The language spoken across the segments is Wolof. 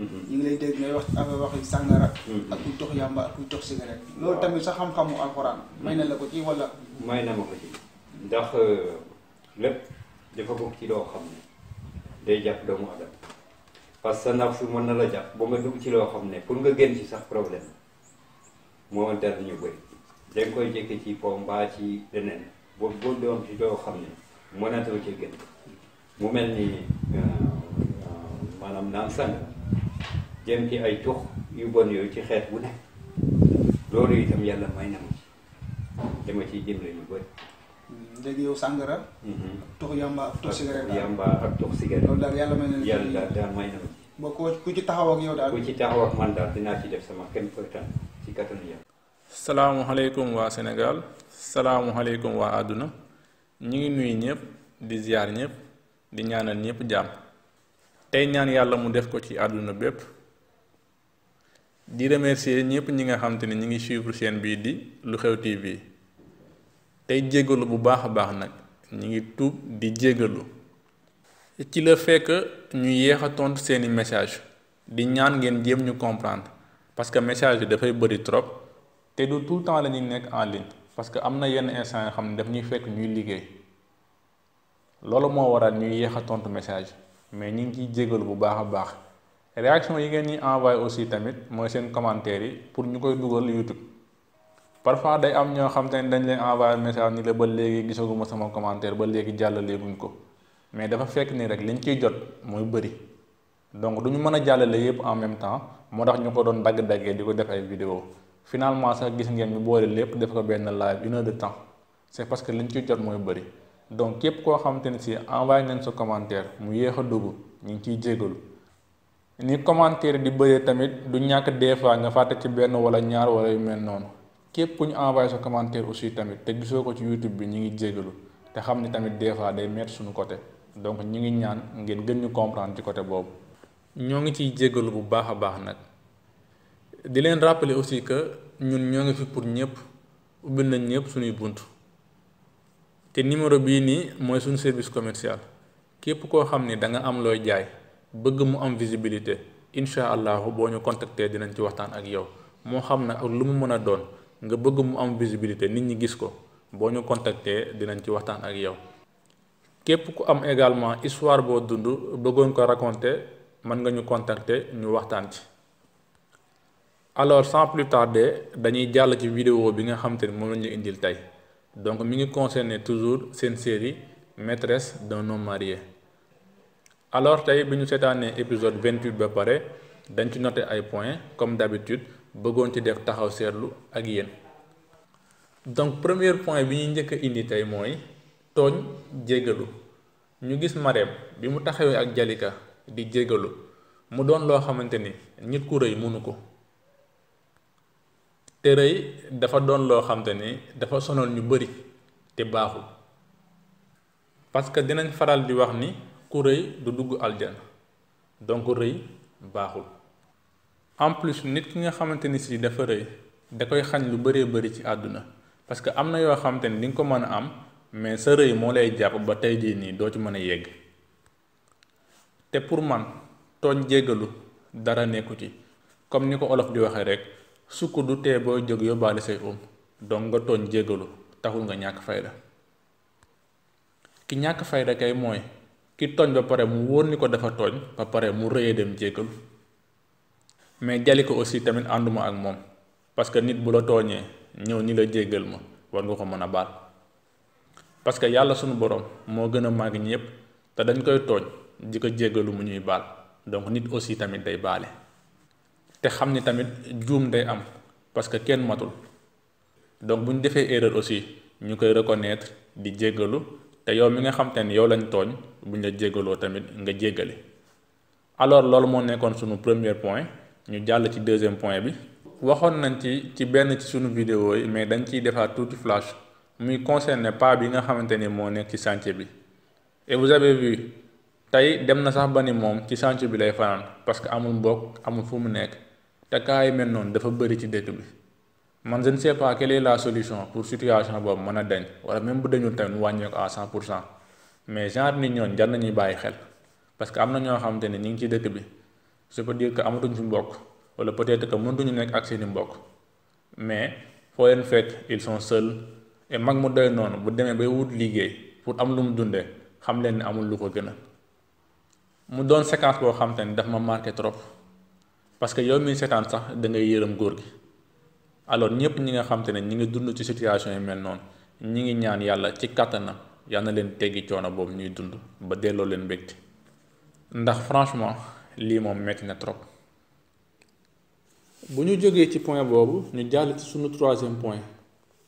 Mhm. ñu ngi lay dégg ngay wax affaire waxi sàngara ak kuy tox yàmba ak kuy tox cigarette loolu tamit sa xam-xamu alxuraan may na la ko ci wala may na ma ko ci ndax euh, lépp dafa bokk ci loo xam ne day jàpp doomu adam parce que naf su mën na la jàpp ba nga ci loo xam ne pour nga génn ci sax problème moo dal ñu bëri dañ koy jékki ci po baa ci leneen boobu boo doon ci loo xam ne mënatoo ci génn mu mel ni euh, euh, maanaam naan sàngara jéem ci ay tux yu bon yooyu ci xeet bu nekk loolu itam yàlla may na ma ci dama ciy dimbali lu bëri. Mm, léegi yow sàngara. Mm-hmm. tux yamba ak tux cigarette daal yamba ak tux cigarette. yàlla may na la ci boo ko ku ci taxaw ak daal. ku ci taxaw man daal dinaa ci def sama kenn përtan ci kattanu yàlla. salaamualeykum waa Sénégal salaamualeykum waa àdduna ñu ngi nuyu ñëpp di ziar ñëpp di ñaanal ñëpp jàmm tey ñaan yàlla mu def ko ci àdduna bépp. di remercier ñëpp ñi nga xam te ne ñi ngi suivre seen bii di lu xew TV tey jégalu bu baax a baax nag ñi ngi tuub di jégalu ci la fekk ñu yéex a tontu seeni message di ñaan ngeen jéem ñu comprendre parce que message dafay bëri trop te du tout le temps la ñuy nekk en ligne parce que am na yenn instant yoo xam ne daf ñuy fekk ñuy liggéey loolu moo waral ñuy yéex a tontu message mais ñu ngi ciy jégalu bu baax a baax. réaction yi ngeen ñi envoyé aussi tamit mooy seen commentaire yi pour ñu koy dugal YouTube parfois day am ñoo xam ne dañ leen envoyé message ni la ba léegi gisaguma sama commentaire ba léegi jàllalee jàllaleeguñ ko mais dafa fekk nii rek liñ ciy jot mooy bëri donc du mën a jàllale yëpp en même temps moo tax ñu ko doon dagg-daggee di ko def ay vidéo finalement sax gis ngeen ñu boole lépp def ko benn live une de temps c'est parce que liñ ciy jot mooy bëri donc képp koo xam te si envoyé ngeen sa commentaire mu yéex a dugg ñu ngi ciy jégalu ni commentaire di bëree tamit du ñàkk des fois nga fàtte ci benn wala ñaar wala yu mel noonu képp ñu envoyé sa commentaire aussi tamit te gisoo ko ci YouTube bi ñu ngi jégalu te xam ni tamit des fois day mettre suñu côté donc ñu ngi ñaan ngeen gën ñu comprendre ci côté boobu. ñoo ngi ciy jégalu bu baax a baax nag di leen rappeler aussi que ñun ñoo ngi fi pour ñëpp ubbil nañ ñëpp suñuy bunt te numéro bii nii mooy suñu service commercial képp koo xam ni da nga am looy jaay. bëgg mu am visibilité incha allahu boo ñu contacter dinañ ci waxtaan ak yow moo xam na ak lu mu mën a doon nga bëgg mu am visibilité nit ñi gis ko boo ñu contacter dinañ ci waxtaan ak yow. képp ku am également histoire boo dund bëggoon ko raconter mën nga ñu contacter ñu waxtaan ci. alors sans plus tarder dañuy jàll ci vidéo bi nga xam te ne moom lañu indil tey donc mu ngi concerner toujours seen série maîtresse d'un homme alors tey bi ñu seetaanee épisode vingt huit ba pare dañ ci noté ay points comme d'habitude bëggoon ci def taxaw seetlu ak yéen. donc première point bi ñuy njëkk a indi tey mooy tooñ jéggalu ñu gis Marème bi mu taxawee ak Jalika di jéggalu mu doon loo xamante ni nit ku rey mënu ko. te rëy dafa doon loo xamante ni dafa sonal ñu bari te baaxul parce que dinañ faral di wax ni. ku rëy du dugg aljana donc rëy baaxul en plus nit ki nga xamante ni si dafa rëy da koy xañ lu bëree bëri ci àdduna parce que am na yoo xamante ni di nga ko mën a am mais sa rëy moo lay jàpp ba tey jii nii doo ci mën a yegg te pour man tooñ jéggalu dara nekku ci comme ni ko olof di waxee rek sukk du tee booy jóg yóbbaale say um donc nga tooñ jéggalu taxul nga ñàkk fayda ki ñàkk fayda kay mooy ki tooñ ba pare mu wóor ni ko dafa tooñ ba pare mu rëyee dem jéggalu mais jali ko aussi tamit ànduma ak moom parce que nit bu la tooñee ñëw ni la jéggal ma war nga ko mën a baal parce que yàlla suñu borom moo gën a màgg ñëpp te dañ koy tooñ di ko jéggalu mu ñuy baal donc nit aussi tamit day baale te xam ni tamit juum day am parce que kenn matul donc bu ñu defee erreur aussi ñu koy reconnaître di jéggalu te yow mi nga xamante ni ne lañu lañ tooñ buñ la jéggaloo tamit nga jéggale alors loolu moo nekkoon sunu première point ñu jàll ci deuxième point bi waxoon nañ ci ci benn ci sunu vidéo yi mais dañ ciy defaat tuuti flash muy concerné pas bi nga xamante ni moo nekk ci chantier bi et vous avez vu tey dem na sax ba ni moom ci chantier bi lay fanaan parce que amul mbokk amul fu mu nekk te kaa yi mel noonu dafa bëri ci dëkk bi man je ne sais pas quelle solution pour situation boobu mën a dañ wala même bu dañul tamit mu wàññeeku à cent pour cent mais genre ni ñooñ jar nañuy bàyyi xel parce que am na ñoo xamante ne ñu ngi ci dëkk bi je peux dire que amatuñ fi mbokk wala peut-être que mënatuñu nekk ak seeni mbokk mais foo leen fekk il sont seuls et mag mu doy noonu bu demee bay wut liggéey pour am lu mu dundee xam leen ne amul lu ko gën a mu doon séquence boo xamante ne daf ma marqué trop parce que yow mi seetaan sax da ngay yërëm góor gi. alors ñëpp ñi nga xam ne ñi ngi dund ci situation yi mel noonu ñi ngi ñaan yàlla ci kàttanam yàlla na leen teggi coono boobu ñuy dund ba delloo leen mbégte ndax franchement lii moom metti na trop bu ñu jógee ci point boobu ñu jàll ci suñu troisième point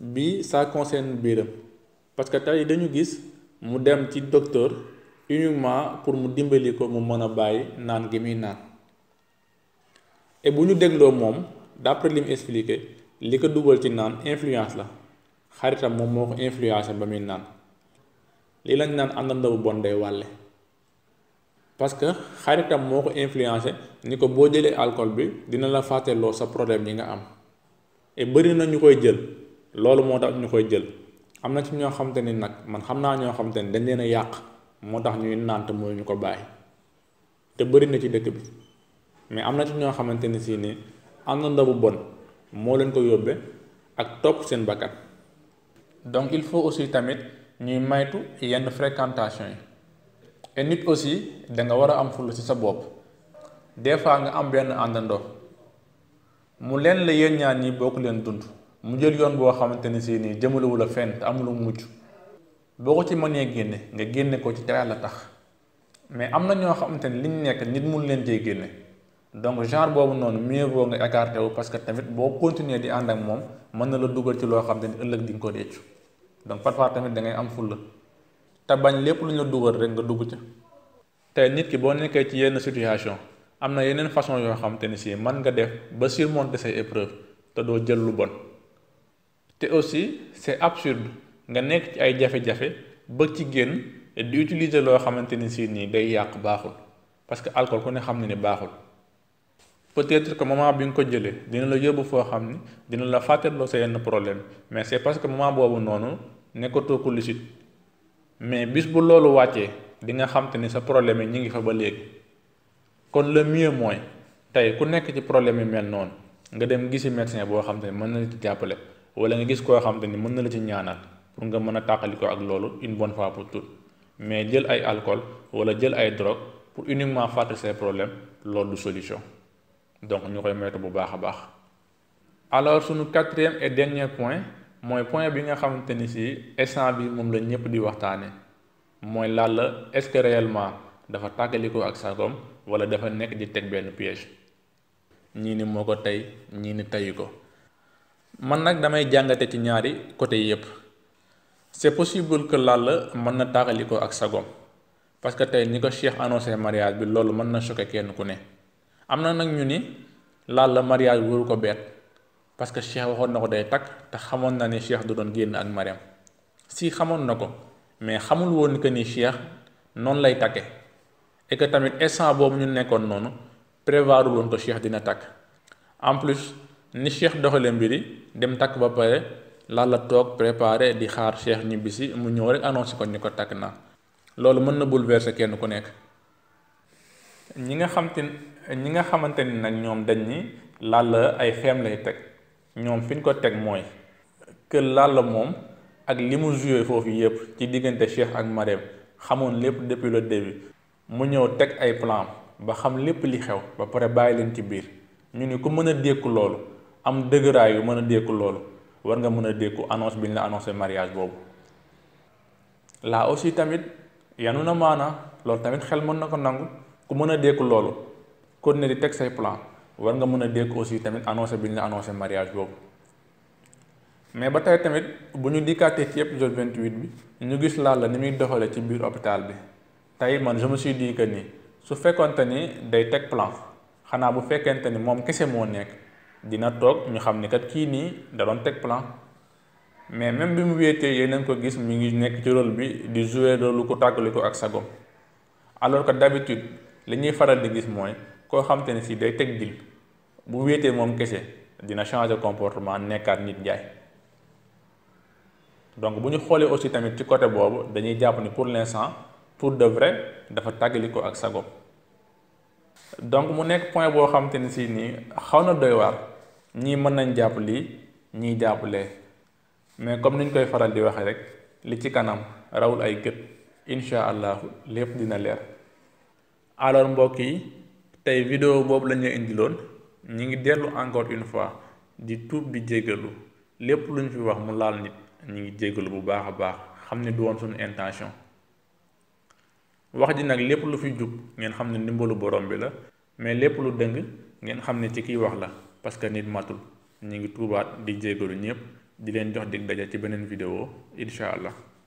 bi ça concerne biiram parce que tey dañu gis mu dem ci docteur uniquement pour mu dimbali ko mu mën a bàyyi naan gi muy naan et bu ñu dégloo moom d'après li mu li ko dugal ci naan influence la xaritam moom moo ko influencé ba muy naan lii lañ naan àndandoo bu bon day wàlle parce que xaritam moo ko influencé ni ko boo jëlee alcool bi dina la fàtteloo sa problème yi nga am bëri na ñu koy jël loolu moo tax ñu koy jël am na ci ñoo xamante ni nag man xam naa ñoo xamante ni dañ leen a yàq moo tax ñuy naan te mooy ñu ko bàyyi te bëri na ci dëkk bi mais am na ci ñoo xamante ni si ni àndandoo bon. moo leen ko yóbbe ak topp seen bakkan donc il faut aussi tamit ñuy maytu yenn fréquentation yi et nit aussi da nga war a am fulla ci sa bopp des fois nga am benn àndandoo mu leen la yéen ñaan ñi bokk leen dund mu jël yoon boo xamante ni si nii jëmalewu la fenn te amul mucc boo ko ci mënee génne nga génne ko ci te yàlla tax mais am na ñoo xamante ni liñ nekk nit mun leen cee génne donc genre boobu noonu mieux vaut nga écarté wu parce que tamit boo continuer di ànd ak moom mën na la dugal ci loo xam ne ëllëg di nga ko réccu donc parfois tamit dangay am fulla te bañ lépp lu ñu la dugal rek nga dugg ca te nit ki boo nekkee ci yenn situation am na yeneen façon yoo xam te ni si mën nga def ba surmonter say épreuve te doo jël lu bon te aussi c'est absurde nga nekk ci ay jafe-jafe ba ci génn di utiliser loo xamante ni si nii day yàq baaxul parce que alcool ku ne xam ne baaxul peut-être que moment bi nga ko jëlee dina la yóbbu foo xam ni dina la fàttaloo sa yenn problème mais c'est parce que moment boobu noonu nekkatoo ko lucide mais bis bu loolu wàccee di nga xam ni sa problème yi ñu ngi fa ba léegi kon le mieux mooy tey ku nekk ci problème yi mel noonu nga dem gisi médecin boo xam te ni mën na la ci jàppale wala nga gis koo xam ni mën na la ci ñaanal pour nga mën a tàqali ko ak loolu une bonne fois pour toutes mais jël ay wala jël ay drogue pour uniquement fàtte ses problèmes loolu du solution donc ñu koy moytu bu baax a baax alors suñu quatrième et dernier point mooy point bi nga xamante ni si instant bi moom la ñëpp di waxtaane mooy Lalla est-ce que réellement dafa tàggalikoo ak sagoom wala dafa nekk di teg benn piège ñii ni moo ko tey ñii ni teyu ko man nag damay jàngate ci ñaari côté yépp c'est possible que Lalla mën na tàggalikoo ak sagoom parce que tey ni ko Cheikh annoncé mariage bi loolu mën na choqué kenn ku ne am na nag ñu ni Lalla mariage waru ko beet parce que Cheikh waxoon na ko day takk te xamoon na ni Cheikh du doon génn ak Mariam si xamoon na ko mais xamul woon que ni Cheikh noonu lay takke que tamit instant boobu ñu nekkoon noonu prévoir woon ko dina takk en plus ni Cheikh doxalee mbiri dem takk ba pare Lalla toog préparé di xaar Cheikh ñibbisi mu ñëw rek annoncé ko ni ko takk naa loolu mën na bouleverser kenn ku nekk ñi nga xam te ñi nga xamante ni nag ñoom dañ ni Lalla ay fem lay teg ñoom fi ñu ko teg mooy que Lalla moom ak li mu joué foofu yëpp ci diggante Cheikh ak Marème xamoon lépp depuis le début mu ñëw teg ay plan ba xam lépp li xew ba pare bàyyi leen ci biir ñu ni ku mën a dékku loolu am dëgëraay yu mën a dékku loolu war nga mën a dékku annonce bi ñu la annoncé mariage boobu laa aussi tamit yanu na maana loolu tamit xel mën na ko nangu ku mën a dékku loolu continuer di teg say plan war nga mën a dégg aussi tamit annoncé bi ñu la annoncé mariage boobu mais ba tey tamit bu ñu dikkaatee ci vingt 28 bi ñu gis laal la ni muy doxalee ci biir hôpital bi tey man je me suis dit que ni su fekkonte ni day teg plan xanaa bu fekkente ni moom kese moo nekk dina toog ñu xam ni kat kii nii da doon teg plan mais même bi mu wéetee yéen ko gis mu ngi nekk ci rôle bi di jouer rôle ko tàggali ko ak sagom alors que d'habitude li ñuy faral di gis mooy. koo xam te ne si day teg dil bu wéetee moom kese dina changer comportement nekkaat nit njaay donc bu ñu xoolee aussi tamit ci côté boobu dañuy jàpp ni pour l'instant pour de vrai dafa tàggali ko ak sago donc mu nekk point boo xam te si nii xaw na doy waar ñii mën nañ jàpp lii ñii jàppalee mais comme niñ koy faral di waxee rek li ci kanam rawul ay gët incha allah lépp dina leer alors mbokk yi tey vidéo boobu la indiloon ñi ngi dellu encore une fois di tuub bi jégalu lépp lu fi wax mu laal nit ñi ngi jégalu bu baax a baax xam ne du woon suñu intention wax ji nag lépp lu fi jub ngeen xam ne ndimbalu borom bi la mais lépp lu dëng ngeen xam ne ci kiy wax la parce que nit matul ñi ngi tuubaat di jégalu ñëpp di leen jox dig daja ci beneen vidéo incha allah